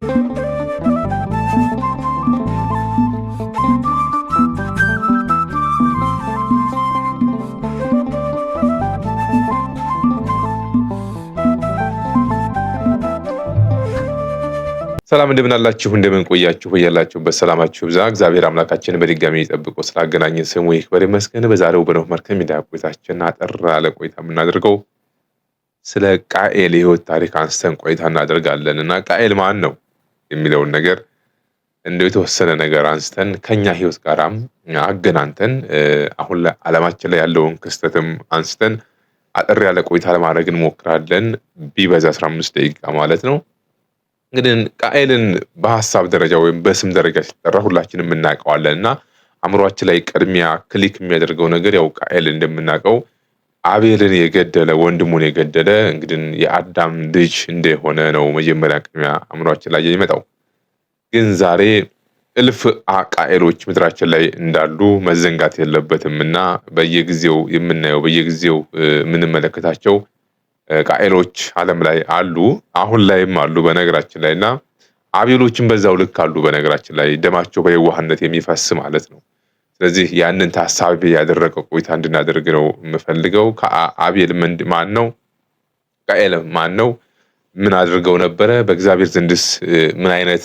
ሰላም እንደምን አላችሁ? እንደምን ቆያችሁ? በያላችሁበት ሰላማችሁ ብዛ። እግዚአብሔር አምላካችን በድጋሚ ጠብቆ ስላገናኘን ስሙ ይክበር ይመስገን። በዛሬው በኖህ መርከብ ሚዲያ ቆይታችን አጠር ያለ ቆይታ የምናደርገው ስለ ቃኤል የህይወት ታሪክ አንስተን ቆይታ እናደርጋለን እና ቃኤል ማን ነው? የሚለውን ነገር እንደው የተወሰነ ነገር አንስተን ከኛ ህይወት ጋራም አገናኝተን አሁን ላይ ላይ ያለውን ክስተትም አንስተን አጠር ያለ ቆይታ ለማድረግ እንሞክራለን። ቢበዛ 15 ደቂቃ ማለት ነው። እንግዲህ ቃኤልን በሀሳብ ደረጃ ወይም በስም ደረጃ ሲጠራ ሁላችንም እናውቀዋለን እና አእምሯችን ላይ ቅድሚያ ክሊክ የሚያደርገው ነገር ያው ቃኤል እንደምናውቀው አቤልን የገደለ ወንድሙን የገደለ እንግዲህ የአዳም ልጅ እንደሆነ ነው መጀመሪያ ቅድሚያ አእምሯችን ላይ የሚመጣው። ግን ዛሬ እልፍ አቃኤሎች ምድራችን ላይ እንዳሉ መዘንጋት የለበትም እና በየጊዜው የምናየው በየጊዜው የምንመለከታቸው ቃኤሎች ዓለም ላይ አሉ፣ አሁን ላይም አሉ በነገራችን ላይ እና አቤሎችን በዛው ልክ አሉ በነገራችን ላይ ደማቸው በየዋህነት የሚፈስ ማለት ነው። ስለዚህ ያንን ታሳቢ ያደረገ ቆይታ እንድናደርግ ነው የምፈልገው። ከአቤል ማን ነው? ቃኤል ማን ነው? ምን አድርገው ነበረ? በእግዚአብሔር ዘንድስ ምን አይነት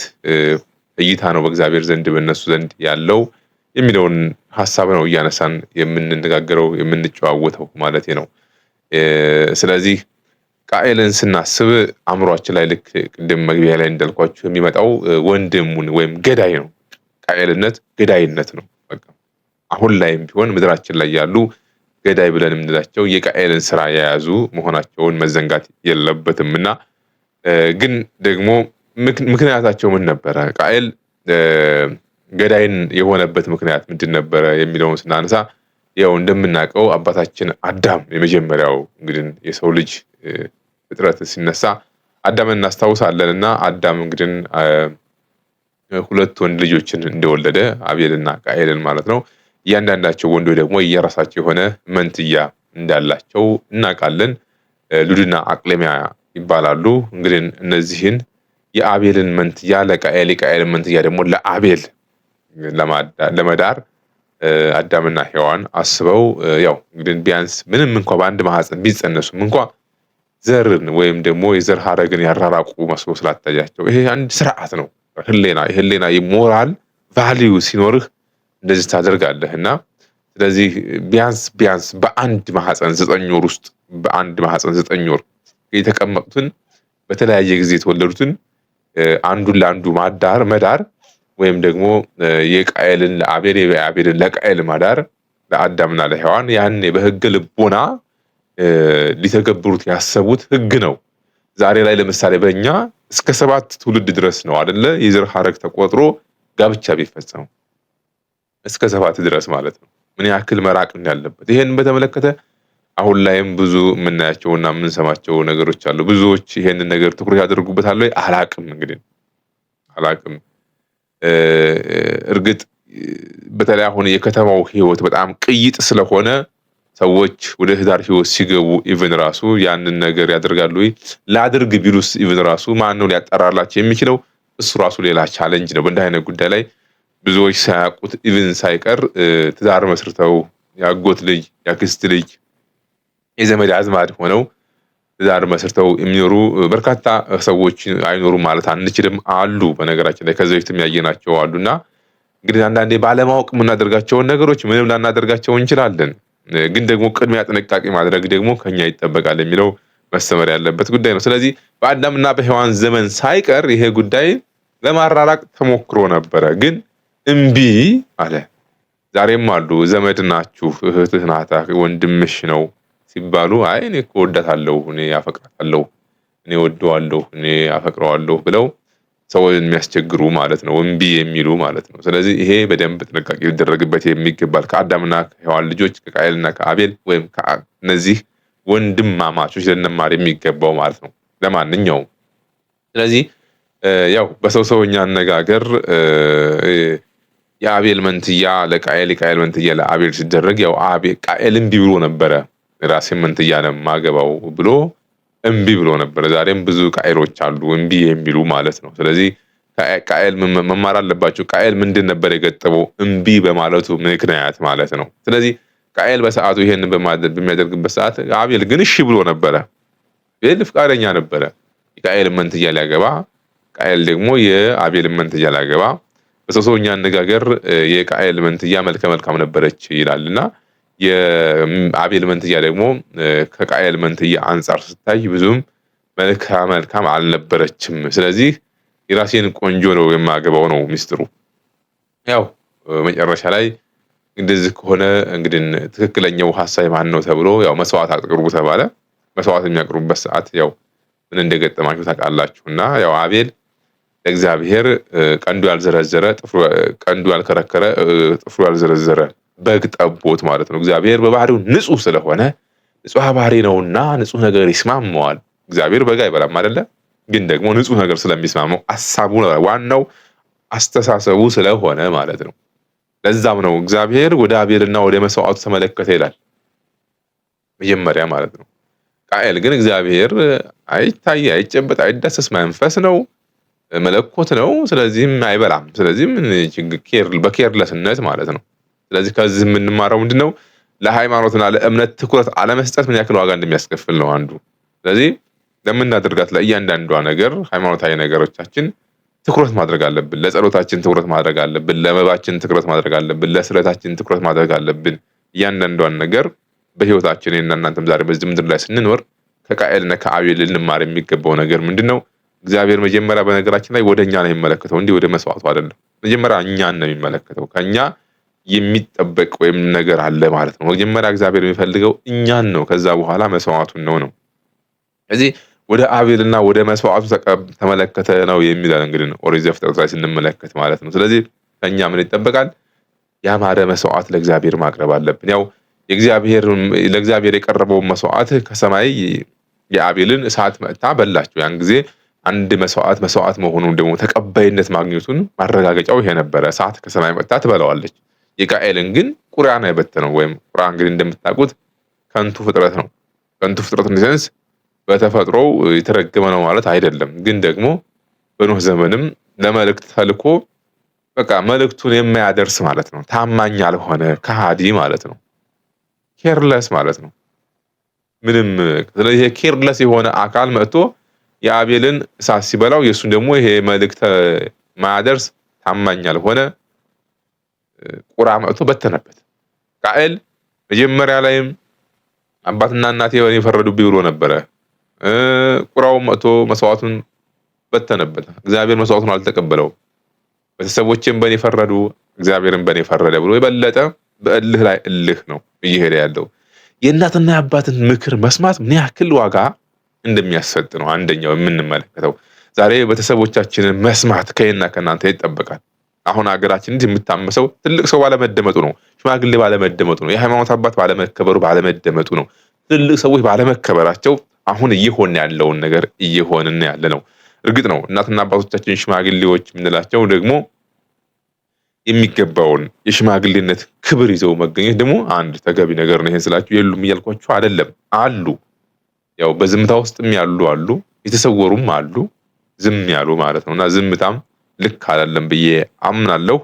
እይታ ነው በእግዚአብሔር ዘንድ በእነሱ ዘንድ ያለው የሚለውን ሀሳብ ነው እያነሳን የምንነጋገረው የምንጨዋወተው ማለት ነው። ስለዚህ ቃኤልን ስናስብ አእምሯችን ላይ ልክ ቅድም መግቢያ ላይ እንዳልኳችሁ የሚመጣው ወንድሙን ወይም ገዳይ ነው። ቃኤልነት ገዳይነት ነው። አሁን ላይም ቢሆን ምድራችን ላይ ያሉ ገዳይ ብለን የምንላቸው የቃኤልን ስራ የያዙ መሆናቸውን መዘንጋት የለበትም እና ግን ደግሞ ምክንያታቸው ምን ነበረ? ቃኤል ገዳይን የሆነበት ምክንያት ምንድን ነበረ የሚለውን ስናነሳ ያው እንደምናውቀው አባታችን አዳም የመጀመሪያው እንግዲህ የሰው ልጅ ፍጥረት ሲነሳ አዳምን እናስታውሳለን እና አዳም እንግዲህ ሁለት ወንድ ልጆችን እንደወለደ አቤልና ቃኤልን ማለት ነው። እያንዳንዳቸው ወንዶ ደግሞ የራሳቸው የሆነ መንትያ እንዳላቸው እናውቃለን። ሉድና አቅሌሚያ ይባላሉ። እንግዲህ እነዚህን የአቤልን መንትያ ለቃኤል የቃኤልን መንትያ ደግሞ ለአቤል ለመዳር አዳምና ሔዋን አስበው ያው እንግዲህ ቢያንስ ምንም እንኳ በአንድ ማህፀን ቢጸነሱም እንኳ ዘርን ወይም ደግሞ የዘር ሀረግን ያራራቁ መስሎ ስላታያቸው ይሄ አንድ ስርዓት ነው። ህሌና ህሌና የሞራል ቫሊዩ ሲኖርህ እንደዚህ ታደርጋለህ እና ስለዚህ ቢያንስ ቢያንስ በአንድ ማህፀን ዘጠኝ ወር ውስጥ በአንድ ማህፀን ዘጠኝ ወር የተቀመጡትን በተለያየ ጊዜ የተወለዱትን አንዱን ለአንዱ ማዳር መዳር ወይም ደግሞ የቃየልን ለአቤል የአቤልን ለቃየል ማዳር ለአዳምና ለሔዋን ያኔ በህገ ልቦና ሊተገብሩት ያሰቡት ህግ ነው። ዛሬ ላይ ለምሳሌ በእኛ እስከ ሰባት ትውልድ ድረስ ነው አደለ የዘር ሐረግ ተቆጥሮ ጋብቻ ቢፈጸመው እስከ ሰባት ድረስ ማለት ነው። ምን ያክል መራቅ እንዳለበት ይሄን በተመለከተ አሁን ላይም ብዙ የምናያቸውና የምንሰማቸው ነገሮች አሉ። ብዙዎች ይሄን ነገር ትኩረት ያደርጉበታል ወይ አላቅም፣ እንግዲህ አላቅም። እርግጥ በተለይ አሁን የከተማው ህይወት በጣም ቅይጥ ስለሆነ ሰዎች ወደ ህዳር ህይወት ሲገቡ ኢቨን ራሱ ያንን ነገር ያደርጋሉ ወይ ላድርግ ቢሉስ ኢቨን ራሱ ማን ነው ሊያጠራላቸው የሚችለው? እሱ ራሱ ሌላ ቻለንጅ ነው። በእንዲህ አይነት ጉዳይ ላይ ብዙዎች ሳያውቁት ኢቭን ሳይቀር ትዳር መስርተው የአጎት ልጅ የአክስት ልጅ የዘመድ አዝማድ ሆነው ትዳር መስርተው የሚኖሩ በርካታ ሰዎች አይኖሩ ማለት አንችልም። አሉ በነገራችን ላይ ከዚህ በፊትም ያየናቸው እና እንግዲህ አንዳንዴ ባለማወቅ የምናደርጋቸውን ነገሮች ምንም ላናደርጋቸው እንችላለን። ግን ደግሞ ቅድሚያ ጥንቃቄ ማድረግ ደግሞ ከኛ ይጠበቃል የሚለው መሰመር ያለበት ጉዳይ ነው። ስለዚህ በአዳምና በሔዋን ዘመን ሳይቀር ይሄ ጉዳይ ለማራራቅ ተሞክሮ ነበረ ግን እምቢ አለ። ዛሬም አሉ ዘመድ ናችሁ፣ እህትህ ናታ፣ ወንድምሽ ነው ሲባሉ አይ እኔ እኮ ወዳታለሁ፣ እኔ አፈቅራታለሁ፣ እኔ ወደዋለሁ፣ እኔ አፈቅረዋለሁ ብለው ሰው የሚያስቸግሩ ማለት ነው፣ እምቢ የሚሉ ማለት ነው። ስለዚህ ይሄ በደንብ ጥንቃቄ ሊደረግበት የሚገባል። ከአዳምና ከሔዋን ልጆች ከቃየልና ከአቤል ወይም እነዚህ ወንድማማቾች ልንማር የሚገባው ማለት ነው። ለማንኛውም ስለዚህ ያው በሰው ሰውኛ አነጋገር የአቤል መንትያ ለቃኤል የቃኤል መንትያ ለአቤል ሲደረግ ያው ቃኤል እምቢ ብሎ ነበረ። ራሴን መንትያ ለማገባው ብሎ እምቢ ብሎ ነበረ። ዛሬም ብዙ ቃኤሎች አሉ እምቢ የሚሉ ማለት ነው። ስለዚህ ቃኤል መማር አለባቸው። ቃኤል ምንድን ነበር የገጠመው እምቢ በማለቱ ምክንያት ማለት ነው። ስለዚህ ቃኤል በሰዓቱ ይሄን በሚያደርግበት ሰዓት አቤል ግን እሺ ብሎ ነበረ። ቤል ፍቃደኛ ነበረ። የቃኤል መንትያ ሊያገባ ቃኤል ደግሞ የአቤል መንትያ ሊያገባ በሰሶኛ አነጋገር የቃ ኤልመንትያ መልከ መልካም ነበረች ይላል እና የአቤል መንትያ ደግሞ ከቃ መንትያ አንጻር ስታይ ብዙም መልካ መልካም አልነበረችም። ስለዚህ የራሴን ቆንጆ ነው የማገባው ነው ሚስጥሩ። ያው መጨረሻ ላይ እንደዚህ ከሆነ እንግዲህ ትክክለኛው ሀሳይ ማን ነው ተብሎ ያው መስዋዕት አቅርቡ ተባለ። መስዋዕት የሚያቅርቡበት ሰዓት ያው ምን እንደገጠማችሁ ታውቃላችሁ እና ያው አቤል ለእግዚአብሔር ቀንዱ ያልዘረዘረ ቀንዱ ያልከረከረ ጥፍሩ ያልዘረዘረ በግ ጠቦት ማለት ነው። እግዚአብሔር በባህሪው ንጹህ ስለሆነ ንጹሕ ባህሪ ነውና ንጹህ ነገር ይስማመዋል እግዚአብሔር በግ አይበላም አይደለ? ግን ደግሞ ንጹህ ነገር ስለሚስማመው አሳቡ ዋናው አስተሳሰቡ ስለሆነ ማለት ነው። ለዛም ነው እግዚአብሔር ወደ አቤልና ወደ መስዋዕቱ ተመለከተ ይላል መጀመሪያ ማለት ነው። ቃኤል ግን እግዚአብሔር አይታይ፣ አይጨበጥ፣ አይዳሰስ መንፈስ ነው መለኮት ነው። ስለዚህም አይበላም። ስለዚህም በኬርለስነት ማለት ነው። ስለዚህ ከዚህ የምንማረው ምንድን ነው? ለሃይማኖትና ለእምነት ትኩረት አለመስጠት ምን ያክል ዋጋ እንደሚያስከፍል ነው አንዱ። ስለዚህ ለምናደርጋት ለእያንዳንዷ ነገር ሃይማኖታዊ ነገሮቻችን ትኩረት ማድረግ አለብን። ለጸሎታችን ትኩረት ማድረግ አለብን። ለመባችን ትኩረት ማድረግ አለብን። ለስዕለታችን ትኩረት ማድረግ አለብን። እያንዳንዷን ነገር በህይወታችን እና እናንተም ዛሬ በዚህ ምድር ላይ ስንኖር ከቃኤልና ከአቤል ልንማር የሚገባው ነገር ምንድን ነው? እግዚአብሔር መጀመሪያ በነገራችን ላይ ወደ እኛ ነው የሚመለከተው እንዲህ ወደ መስዋዕቱ አይደለም። መጀመሪያ እኛን ነው የሚመለከተው። ከእኛ የሚጠበቅ ወይም ነገር አለ ማለት ነው። መጀመሪያ እግዚአብሔር የሚፈልገው እኛን ነው፣ ከዛ በኋላ መስዋዕቱን ነው ነው እዚህ ወደ አቤልና ወደ መስዋዕቱ ተመለከተ ነው የሚለን እንግዲህ ነው ኦሪት ዘፍጥረት ላይ ስንመለከት ማለት ነው። ስለዚህ ከእኛ ምን ይጠበቃል? ያማረ መስዋዕት ለእግዚአብሔር ማቅረብ አለብን። ያው ለእግዚአብሔር የቀረበውን መስዋዕት ከሰማይ የአቤልን እሳት መጥታ በላቸው። ያን ጊዜ አንድ መስዋዕት መስዋዕት መሆኑን ደግሞ ተቀባይነት ማግኘቱን ማረጋገጫው ይሄ ነበረ። እሳት ከሰማይ መጥታ ትበላዋለች። የቃኤልን ግን ቁርአን አይበትነው ወይም ቁርአን እንግዲህ እንደምታውቁት ከንቱ ፍጥረት ነው። ከንቱ ፍጥረት ኢንሴንስ በተፈጥሮ የተረገመ ነው ማለት አይደለም። ግን ደግሞ በኖህ ዘመንም ለመልእክት ተልኮ በቃ መልእክቱን የማያደርስ ማለት ነው። ታማኝ ያልሆነ ከሃዲ ማለት ነው። ኬርለስ ማለት ነው። ምንም ስለዚህ ኬርለስ የሆነ አካል መጥቶ የአቤልን እሳት ሲበላው የእሱን ደግሞ ይሄ መልእክተ ማያደርስ ታማኝ ያልሆነ ቁራ መጥቶ በተነበት። ቃኤል መጀመሪያ ላይም አባትና እናቴ የፈረዱብኝ ብሎ ነበረ። ቁራው መጥቶ መስዋዕቱን በተነበት። እግዚአብሔር መስዋዕቱን አልተቀበለው። ቤተሰቦቼም በእኔ ፈረዱ፣ እግዚአብሔርን በእኔ ፈረደ ብሎ የበለጠ በእልህ ላይ እልህ ነው እየሄደ ያለው። የእናትና የአባትን ምክር መስማት ምን ያክል ዋጋ እንደሚያሰጥ ነው አንደኛው የምንመለከተው። ዛሬ ቤተሰቦቻችንን መስማት ከእኔና ከእናንተ ይጠበቃል። አሁን ሀገራችን እንዲህ የምታመሰው ትልቅ ሰው ባለመደመጡ ነው። ሽማግሌ ባለመደመጡ ነው። የሃይማኖት አባት ባለመከበሩ ባለመደመጡ ነው። ትልቅ ሰዎች ባለመከበራቸው አሁን እየሆን ያለውን ነገር እየሆንን ያለ ነው። እርግጥ ነው እናትና አባቶቻችን ሽማግሌዎች የምንላቸው ደግሞ የሚገባውን የሽማግሌነት ክብር ይዘው መገኘት ደግሞ አንድ ተገቢ ነገር ነው። ይህን ስላችሁ የሉም እያልኳችሁ አይደለም፣ አሉ። ያው በዝምታ ውስጥም ያሉ አሉ፣ የተሰወሩም አሉ፣ ዝም ያሉ ማለት ነው። እና ዝምታም ልክ አላለም ብዬ አምናለሁ።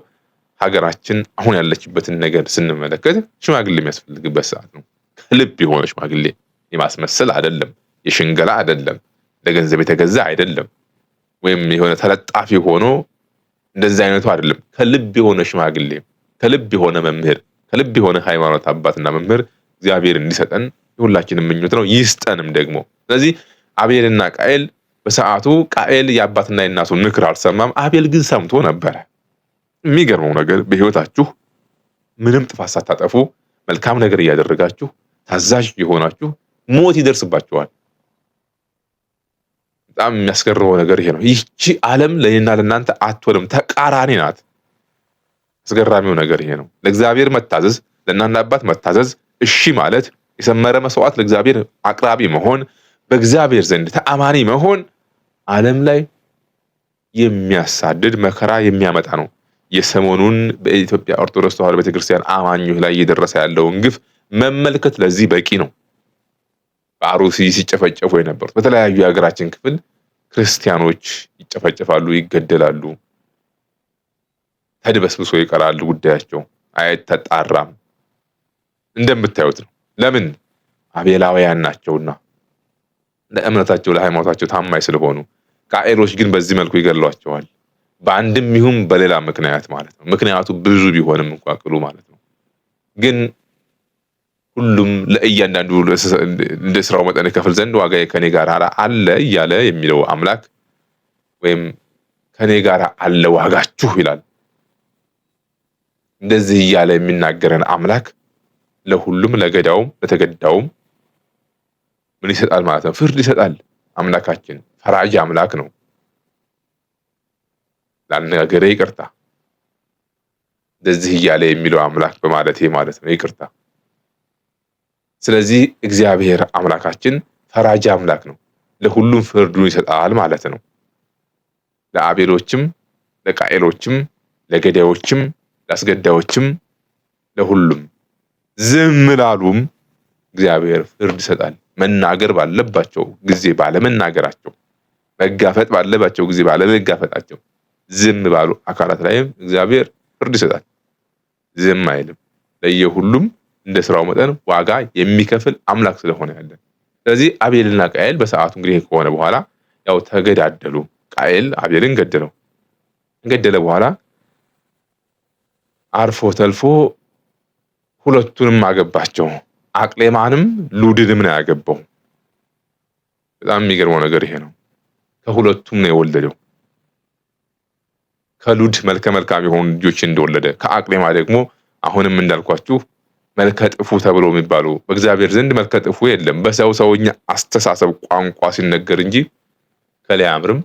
ሀገራችን አሁን ያለችበትን ነገር ስንመለከት ሽማግሌ የሚያስፈልግበት ሰዓት ነው። ከልብ የሆነ ሽማግሌ የማስመሰል አይደለም፣ የሽንገላ አይደለም፣ ለገንዘብ የተገዛ አይደለም፣ ወይም የሆነ ተለጣፊ ሆኖ እንደዚህ አይነቱ አይደለም። ከልብ የሆነ ሽማግሌ፣ ከልብ የሆነ መምህር፣ ከልብ የሆነ ሃይማኖት አባትና መምህር እግዚአብሔር እንዲሰጠን የሁላችንም ምኞት ነው፣ ይስጠንም ደግሞ። ስለዚህ አቤልና ቃኤል በሰዓቱ ቃኤል የአባትና የእናቱ ምክር አልሰማም፣ አቤል ግን ሰምቶ ነበረ። የሚገርመው ነገር በህይወታችሁ ምንም ጥፋት ሳታጠፉ መልካም ነገር እያደረጋችሁ ታዛዥ የሆናችሁ ሞት ይደርስባችኋል። በጣም የሚያስገርመው ነገር ይሄ ነው። ይቺ ዓለም ለእኔና ለእናንተ አትወልም፣ ተቃራኒ ናት። አስገራሚው ነገር ይሄ ነው። ለእግዚአብሔር መታዘዝ፣ ለእናትና አባት መታዘዝ፣ እሺ ማለት የሰመረ መስዋዕት ለእግዚአብሔር አቅራቢ መሆን፣ በእግዚአብሔር ዘንድ ተአማኒ መሆን ዓለም ላይ የሚያሳድድ መከራ የሚያመጣ ነው። የሰሞኑን በኢትዮጵያ ኦርቶዶክስ ተዋሕዶ ቤተክርስቲያን አማኞች ላይ እየደረሰ ያለውን ግፍ መመልከት ለዚህ በቂ ነው። በአሩሲ ሲጨፈጨፉ የነበሩት በተለያዩ የሀገራችን ክፍል ክርስቲያኖች ይጨፈጨፋሉ፣ ይገደላሉ፣ ተድበስብሶ ይቀራሉ። ጉዳያቸው አይተጣራም፣ እንደምታዩት ነው። ለምን? አቤላውያን ናቸውና ለእምነታቸው ለሃይማኖታቸው ታማኝ ስለሆኑ። ቃኤሎች ግን በዚህ መልኩ ይገሏቸዋል። በአንድም ይሁን በሌላ ምክንያት ማለት ነው። ምክንያቱ ብዙ ቢሆንም እንኳ ቅሉ ማለት ነው። ግን ሁሉም ለእያንዳንዱ እንደ ስራው መጠን ከፍል ዘንድ ዋጋ ከኔ ጋር አለ እያለ የሚለው አምላክ ወይም ከኔ ጋር አለ ዋጋችሁ ይላል። እንደዚህ እያለ የሚናገረን አምላክ ለሁሉም ለገዳውም ለተገዳውም ምን ይሰጣል ማለት ነው? ፍርድ ይሰጣል። አምላካችን ፈራጅ አምላክ ነው። ላነጋገረ ይቅርታ እንደዚህ እያለ የሚለው አምላክ በማለቴ ማለት ነው ይቅርታ። ስለዚህ እግዚአብሔር አምላካችን ፈራጅ አምላክ ነው። ለሁሉም ፍርዱን ይሰጣል ማለት ነው። ለአቤሎችም፣ ለቃኤሎችም፣ ለገዳዮችም፣ ለአስገዳዮችም፣ ለሁሉም ዝም ላሉም እግዚአብሔር ፍርድ ይሰጣል። መናገር ባለባቸው ጊዜ ባለመናገራቸው፣ መጋፈጥ ባለባቸው ጊዜ ባለመጋፈጣቸው፣ ዝም ባሉ አካላት ላይም እግዚአብሔር ፍርድ ይሰጣል። ዝም አይልም። ለየሁሉም እንደ ስራው መጠን ዋጋ የሚከፍል አምላክ ስለሆነ ያለን። ስለዚህ አቤልና ቃኤል በሰዓቱ እንግዲህ ከሆነ በኋላ ያው ተገዳደሉ። ቃኤል አቤልን ገደለው። ገደለ በኋላ አርፎ ተልፎ ሁለቱንም አገባቸው። አቅሌማንም ሉድንም ነው ያገባው። በጣም የሚገርመው ነገር ይሄ ነው። ከሁለቱም ነው የወለደው። ከሉድ መልከ መልካም የሆኑ ልጆች እንደወለደ ከአቅሌማ ደግሞ አሁንም እንዳልኳችሁ መልከ ጥፉ ተብሎ የሚባሉ በእግዚአብሔር ዘንድ መልከ ጥፉ የለም። በሰው ሰውኛ አስተሳሰብ ቋንቋ ሲነገር እንጂ ከላይ አምርም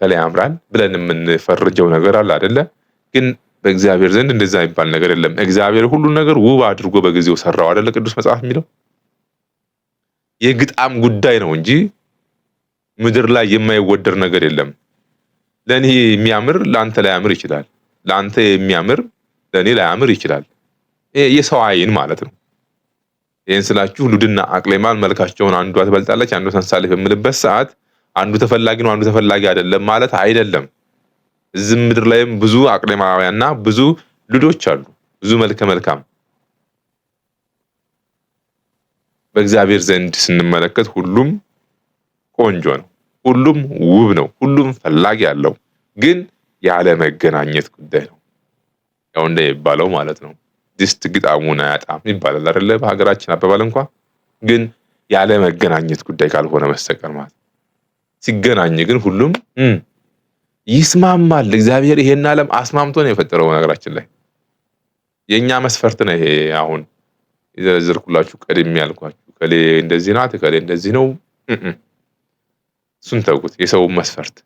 ከላይ አምራል ብለን የምንፈርጀው ነገር አለ አደለ? ግን በእግዚአብሔር ዘንድ እንደዛ የሚባል ነገር የለም። እግዚአብሔር ሁሉን ነገር ውብ አድርጎ በጊዜው ሰራው አደለ ቅዱስ መጽሐፍ የሚለው የግጣም ጉዳይ ነው እንጂ ምድር ላይ የማይወደር ነገር የለም። ለእኔ የሚያምር ለአንተ ላያምር ይችላል። ለአንተ የሚያምር ለእኔ ላያምር ይችላል። የሰው አይን ማለት ነው። ይህን ስላችሁ ሉድና አቅሌማን መልካቸውን አንዷ ትበልጣለች አንዷ ተንሳለች በምልበት ሰዓት አንዱ ተፈላጊ ነው አንዱ ተፈላጊ አይደለም ማለት አይደለም። እዚህ ምድር ላይም ብዙ አቅሌማውያንና ብዙ ልጆች አሉ፣ ብዙ መልከ መልካም። በእግዚአብሔር ዘንድ ስንመለከት ሁሉም ቆንጆ ነው፣ ሁሉም ውብ ነው፣ ሁሉም ፈላጊ ያለው ግን ያለ መገናኘት ጉዳይ ነው። ያው እንደሚባለው ማለት ነው ድስት ግጣሙን አያጣም ይባላል አይደለ? በሀገራችን አባባል እንኳ ግን ያለ መገናኘት ጉዳይ ካልሆነ መስተቀር ማለት ሲገናኝ ግን ሁሉም ይስማማል። እግዚአብሔር ይሄን ዓለም አስማምቶ ነው የፈጠረው። ነገራችን ላይ የእኛ መስፈርት ነው ይሄ አሁን የዘረዘርኩላችሁ ቀድሜ ያልኳችሁ ከሌ እንደዚህ ናት፣ ከሌ እንደዚህ ነው። እሱን ተውኩት፣ የሰውን መስፈርት።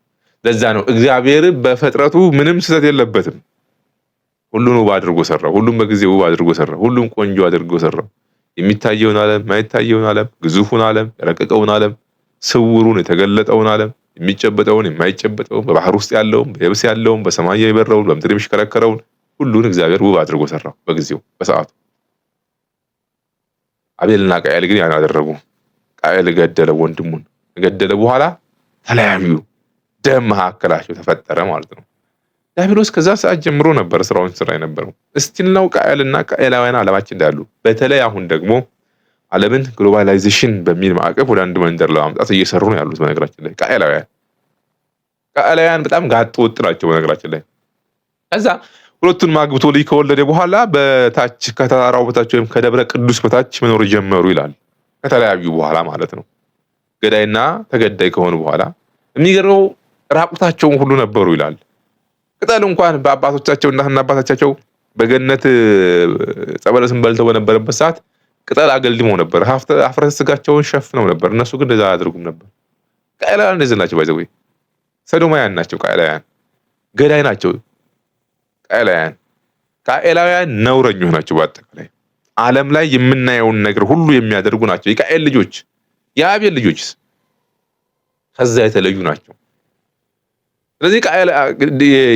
ለዛ ነው እግዚአብሔር በፍጥረቱ ምንም ስህተት የለበትም። ሁሉን ውብ አድርጎ ሰራው። ሁሉም በጊዜ ውብ አድርጎ ሰራው። ሁሉም ቆንጆ አድርጎ ሰራው። የሚታየውን ዓለም፣ የማይታየውን ዓለም፣ ግዙፉን ዓለም፣ የረቀቀውን ዓለም፣ ስውሩን የተገለጠውን ዓለም የሚጨበጠውን የማይጨበጠውን በባህር ውስጥ ያለውን በየብስ ያለውን በሰማይ የበረውን በምድር የሚሽከረከረውን ሁሉን እግዚአብሔር ውብ አድርጎ ሰራው በጊዜው በሰዓቱ። አቤልና ቃኤል ግን ያን አደረጉ። ቃኤል ገደለ ወንድሙን ገደለ። በኋላ ተለያዩ። ደም መካከላቸው ተፈጠረ ማለት ነው። ዲያብሎስ ከዛ ሰዓት ጀምሮ ነበር ስራውን ስራ የነበረው። እስቲል ነው ቃኤልና ቃኤላውያን አለማችን እንዳሉ በተለይ አሁን ደግሞ ዓለምን ግሎባላይዜሽን በሚል ማዕቀፍ ወደ አንድ መንደር ለማምጣት እየሰሩ ነው ያሉት። በነገራችን ላይ ቃላውያን ቃላውያን በጣም ጋጥ ወጥ ናቸው። በነገራችን ላይ ከዛ ሁለቱን ማግብቶ ልጅ ከወለደ በኋላ በታች ከተራራው በታች ወይም ከደብረ ቅዱስ በታች መኖር ጀመሩ ይላል። ከተለያዩ በኋላ ማለት ነው። ገዳይና ተገዳይ ከሆኑ በኋላ የሚገርመው ራቁታቸውን ሁሉ ነበሩ ይላል። ቅጠል እንኳን በአባቶቻቸው እናትና አባቶቻቸው በገነት ጸበለስን በልተው በነበረበት ሰዓት ቅጠል አገልድመው ነበር። ሀፍረ ስጋቸውን ሸፍነው ነበር። እነሱ ግን እንደዛ አያደርጉም ነበር። ቃኤላውያን እንደዚህ ናቸው። ባይዘዌ ሰዶማውያን ናቸው። ቃኤላውያን ገዳይ ናቸው። ቃኤላውያን ቃኤላውያን ነውረኞች ናቸው። በአጠቃላይ ዓለም ላይ የምናየውን ነገር ሁሉ የሚያደርጉ ናቸው። የቃኤል ልጆች የአቤል ልጆችስ ከዛ የተለዩ ናቸው። ስለዚህ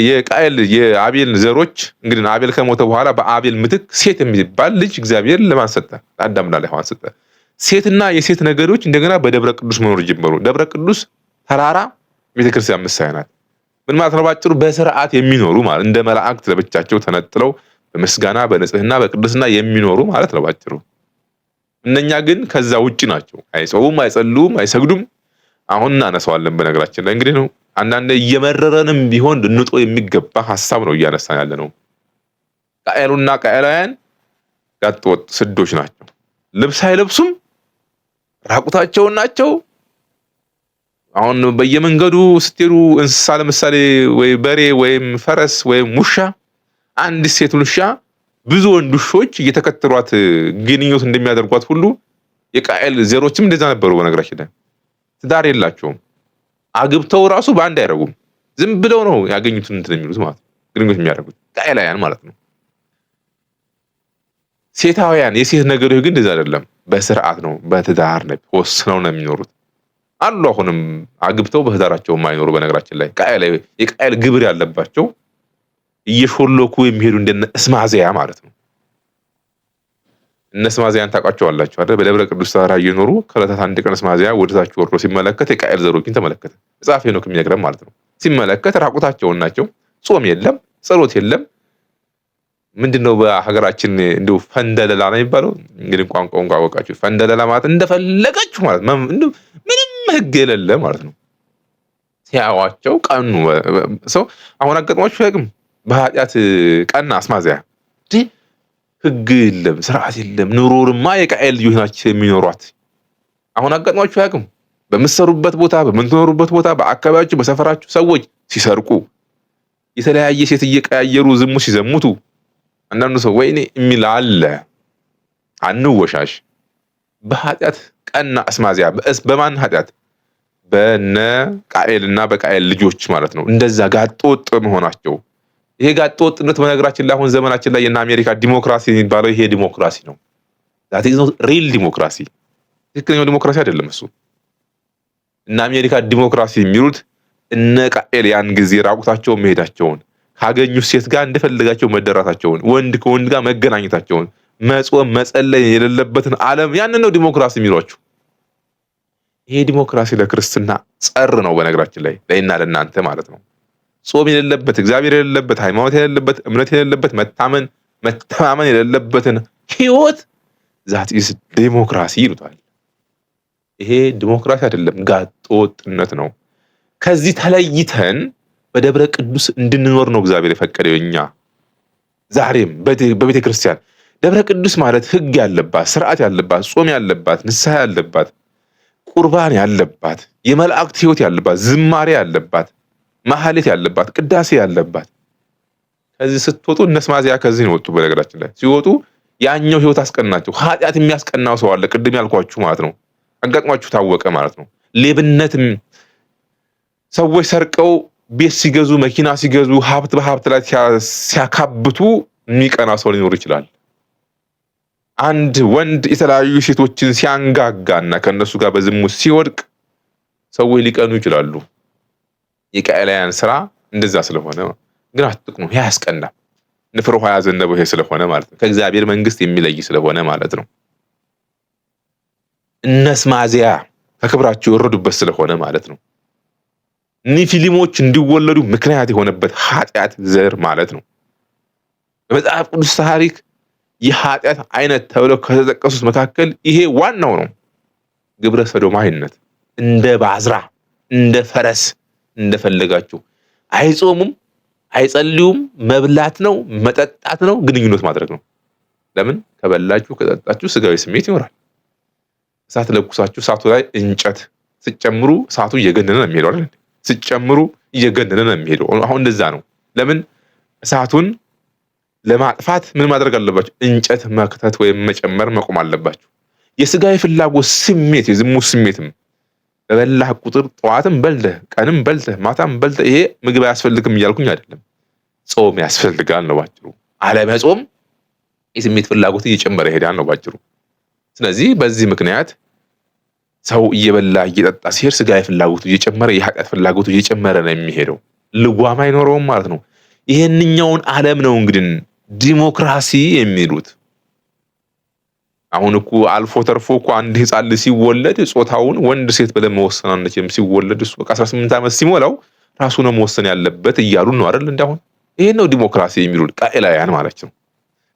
የቃየል የአቤል ዘሮች እንግዲህ አቤል ከሞተ በኋላ በአቤል ምትክ ሴት የሚባል ልጅ እግዚአብሔር ለማን ሰጠ? አዳምና ለሔዋን ሰጠ። ሴትና የሴት ነገዶች እንደገና በደብረ ቅዱስ መኖር ጀመሩ። ደብረ ቅዱስ ተራራ ቤተክርስቲያን ምሳሌ ናት። ምን ማለት ነው? ባጭሩ በስርዓት የሚኖሩ ማለት እንደ መላእክት ለብቻቸው ተነጥለው በምስጋና በንጽህና በቅድስና የሚኖሩ ማለት ነው ባጭሩ። እነኛ ግን ከዛ ውጭ ናቸው። አይጾሙም፣ አይጸልዩም፣ አይሰግዱም። አሁን እናነሳዋለን። በነገራችን ላይ እንግዲህ ነው አንዳንዴ እየመረረንም ቢሆን ልንጦ የሚገባ ሀሳብ ነው እያነሳን ያለ ነው። ቃኤሉና ቃኤላውያን ጋጠወጥ ስዶች ናቸው። ልብስ አይለብሱም፣ ራቁታቸውን ናቸው። አሁን በየመንገዱ ስትሄዱ እንስሳ ለምሳሌ ወይ በሬ ወይም ፈረስ ወይም ውሻ፣ አንድ ሴት ውሻ ብዙ ወንድ ውሾች እየተከተሏት ግንኙነት እንደሚያደርጓት ሁሉ የቃኤል ዜሮችም እንደዛ ነበሩ። በነገራችን ላይ ትዳር የላቸውም። አግብተው ራሱ በአንድ አይረጉም። ዝም ብለው ነው ያገኙትን እንትን የሚሉት ማለት ነው፣ ግንኙነት የሚያደርጉት ጣይላውያን ማለት ነው። ሴታውያን የሴት ነገዶች ግን እንደዛ አይደለም። በስርዓት ነው በትዳር ነው ወስነው ነው የሚኖሩት አሉ። አሁንም አግብተው በትዳራቸው የማይኖሩ በነገራችን ላይ የቃየል ግብር ያለባቸው እየሾለኩ የሚሄዱ እንደነ እስማዚያ ማለት ነው። እነ ስማዚያን ታውቋቸዋላችሁ አይደል? በደብረ ቅዱስ ተራራ እየኖሩ ከዕለታት አንድ ቀን ስማዚያ ወደታች ወርዶ ሲመለከት የቃየል ዘሮችን ተመለከተ። መጽሐፍ ሄኖክ የሚነግረን ማለት ነው። ሲመለከት ራቁታቸውን ናቸው። ጾም የለም፣ ጸሎት የለም። ምንድነው በሀገራችን እንዲሁ ፈንደለላ ነው የሚባለው። እንግዲህ ቋንቋውን ካወቃችሁ ፈንደለላ ማለት እንደፈለጋችሁ ማለት ነው። ምንም ህግ የሌለ ማለት ነው። ሲያዋቸው ቀኑ ሰው አሁን አጋጥሟችሁ ያቅም በኃጢአት ቀና አስማዚያ ህግ የለም፣ ስርዓት የለም። ኑሮንማ የቃኤል ልጆች ናቸው የሚኖሯት። አሁን አጋጥሟችሁ አያውቅም? በምትሰሩበት ቦታ፣ በምትኖሩበት ቦታ፣ በአካባቢያችሁ፣ በሰፈራችሁ ሰዎች ሲሰርቁ የተለያየ ሴት እየቀያየሩ ዝሙ ሲዘሙቱ አንዳንዱ ሰው ወይኔ የሚል አለ። አንወሻሽ። በኃጢአት ቀና እስማዚያ በማን ኃጢአት? በነ ቃኤልና በቃኤል ልጆች ማለት ነው። እንደዛ ጋጦጥ መሆናቸው ይሄ ጋጥ ወጥነት በነገራችን ላይ አሁን ዘመናችን ላይ የና አሜሪካ ዲሞክራሲ የሚባለው ይሄ ዲሞክራሲ ነው። ሪል ዲሞክራሲ ትክክለኛው ዲሞክራሲ አይደለም እሱ። እነ አሜሪካ ዲሞክራሲ የሚሉት እነ ቃኤል ያን ጊዜ ራቁታቸውን መሄዳቸውን ካገኙ ሴት ጋር እንደፈለጋቸው መደራታቸውን ወንድ ከወንድ ጋር መገናኘታቸውን መጾም መጸለይ የሌለበትን ዓለም ያንን ነው ዲሞክራሲ የሚሏችሁ። ይሄ ዲሞክራሲ ለክርስትና ጸር ነው በነገራችን ላይ ለእና ለእናንተ ማለት ነው። ጾም የሌለበት እግዚአብሔር የሌለበት ሃይማኖት የሌለበት እምነት የሌለበት መታመን መተማመን የሌለበትን ህይወት ኢዝ ዴሞክራሲ ይሉታል። ይሄ ዲሞክራሲ አይደለም፣ ጋጦ ወጥነት ነው። ከዚህ ተለይተን በደብረ ቅዱስ እንድንኖር ነው እግዚአብሔር የፈቀደው። እኛ ዛሬም በቤተ ክርስቲያን ደብረ ቅዱስ ማለት ህግ ያለባት ስርዓት ያለባት ጾም ያለባት ንስሐ ያለባት ቁርባን ያለባት የመላእክት ህይወት ያለባት ዝማሬ ያለባት መሐሌት ያለባት ቅዳሴ ያለባት ከዚህ ስትወጡ እነስ ማዚያ ከዚህ ነው ወጡ። በነገራችን ላይ ሲወጡ ያኛው ህይወት አስቀናቸው። ኃጢአት የሚያስቀናው ሰው አለ፣ ቅድም ያልኳችሁ ማለት ነው። አጋጥሟችሁ ታወቀ ማለት ነው። ሌብነት ሰዎች ሰርቀው ቤት ሲገዙ፣ መኪና ሲገዙ፣ ሀብት በሀብት ላይ ሲያካብቱ የሚቀና ሰው ሊኖር ይችላል። አንድ ወንድ የተለያዩ ሴቶችን ሲያንጋጋና ከእነሱ ጋር በዝሙት ሲወድቅ ሰዎች ሊቀኑ ይችላሉ። የቀላያን ስራ እንደዛ ስለሆነ ግን አትጥቅሙ ነው። ያስቀና ንፍር ውሃ ያዘነበው ይሄ ስለሆነ ማለት ነው። ከእግዚአብሔር መንግስት የሚለይ ስለሆነ ማለት ነው። እነስማዚያ ከክብራቸው የወረዱበት ስለሆነ ማለት ነው። ኒፊሊሞች እንዲወለዱ ምክንያት የሆነበት ኃጢአት ዘር ማለት ነው። በመጽሐፍ ቅዱስ ታሪክ የኃጢአት አይነት ተብለው ከተጠቀሱት መካከል ይሄ ዋናው ነው። ግብረ ሰዶማዊነት እንደ ባዝራ እንደ ፈረስ እንደፈለጋችሁ። አይጾሙም፣ አይጸልዩም። መብላት ነው፣ መጠጣት ነው፣ ግንኙነት ማድረግ ነው። ለምን? ከበላችሁ ከጠጣችሁ ስጋዊ ስሜት ይኖራል። እሳት ለኩሳችሁ እሳቱ ላይ እንጨት ስጨምሩ እሳቱ እየገነነ ነው የሚሄደው አይደል? ስጨምሩ እየገነነ ነው የሚሄደው። አሁን እንደዛ ነው። ለምን? እሳቱን ለማጥፋት ምን ማድረግ አለባችሁ? እንጨት መክተት ወይም መጨመር መቆም አለባችሁ። የስጋዊ ፍላጎት ስሜት የዝሙት ስሜትም በበላህ ቁጥር ጠዋትም በልተህ ቀንም በልተህ ማታም በልተህ ይሄ ምግብ አያስፈልግም እያልኩኝ አይደለም። ጾም ያስፈልጋል ነው ባጭሩ። አለመጾም የስሜት ፍላጎት እየጨመረ ይሄዳል ነው ባጭሩ። ስለዚህ በዚህ ምክንያት ሰው እየበላ እየጠጣ ሲሄድ ስጋዊ ፍላጎቱ እየጨመረ የኃጢአት ፍላጎቱ እየጨመረ ነው የሚሄደው። ልጓም አይኖረውም ማለት ነው። ይሄንኛውን ዓለም ነው እንግዲህ ዲሞክራሲ የሚሉት አሁን እኮ አልፎ ተርፎ እኮ አንድ ህፃን ሲወለድ ጾታውን ወንድ ሴት ብለን መወሰን አንችልም። ሲወለድ እሱ በቃ 18 ዓመት ሲሞላው ራሱ ነው መወሰን ያለበት እያሉ ነው አይደል? እንዳሁን ይሄን ነው ዲሞክራሲ የሚሉን ቃኤላውያን ማለት ነው።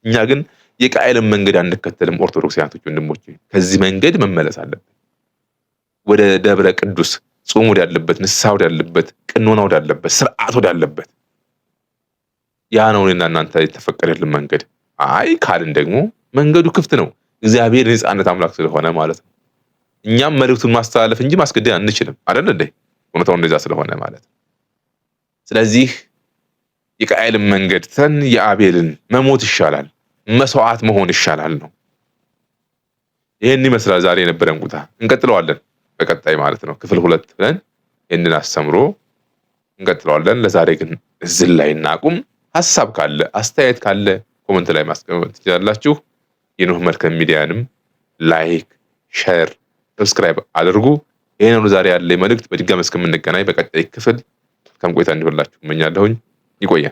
እኛ ግን የቃኤልን መንገድ አንከተልም። ኦርቶዶክሳውያኖች ወንድሞች ከዚህ መንገድ መመለስ አለብን። ወደ ደብረ ቅዱስ ጾም ወዳለበት፣ ንስሐ ወዳለበት፣ ቅኖና ወዳለበት፣ ስርዓት ወዳለበት ያ ነው እኔና እናንተ የተፈቀደልን መንገድ። አይ ካልን ደግሞ መንገዱ ክፍት ነው። እግዚአብሔር የነፃነት አምላክ ስለሆነ ማለት ነው። እኛም መልእክቱን ማስተላለፍ እንጂ ማስገደድ አንችልም አይደል እንዴ? እውነታው እንደዛ ስለሆነ ማለት ነው። ስለዚህ የቃኤልን መንገድ ተን የአቤልን መሞት ይሻላል፣ መስዋዕት መሆን ይሻላል ነው። ይህን ይመስላል ዛሬ የነበረን ቁታ። እንቀጥለዋለን በቀጣይ ማለት ነው ክፍል ሁለት ብለን ይህንን አስተምሮ እንቀጥለዋለን። ለዛሬ ግን እዚህ ላይ እናቁም። ሀሳብ ካለ አስተያየት ካለ ኮመንት ላይ ማስቀመጥ ትችላላችሁ። የኖህ መልካም ሚዲያንም ላይክ፣ ሸር፣ ሰብስክራይብ አድርጉ። ይህን ነው ዛሬ ያለ መልእክት። በድጋሚ እስከምንገናኝ በቀጣይ ክፍል መልካም ቆይታ እንዲሆንላችሁ እመኛለሁኝ። ይቆያል።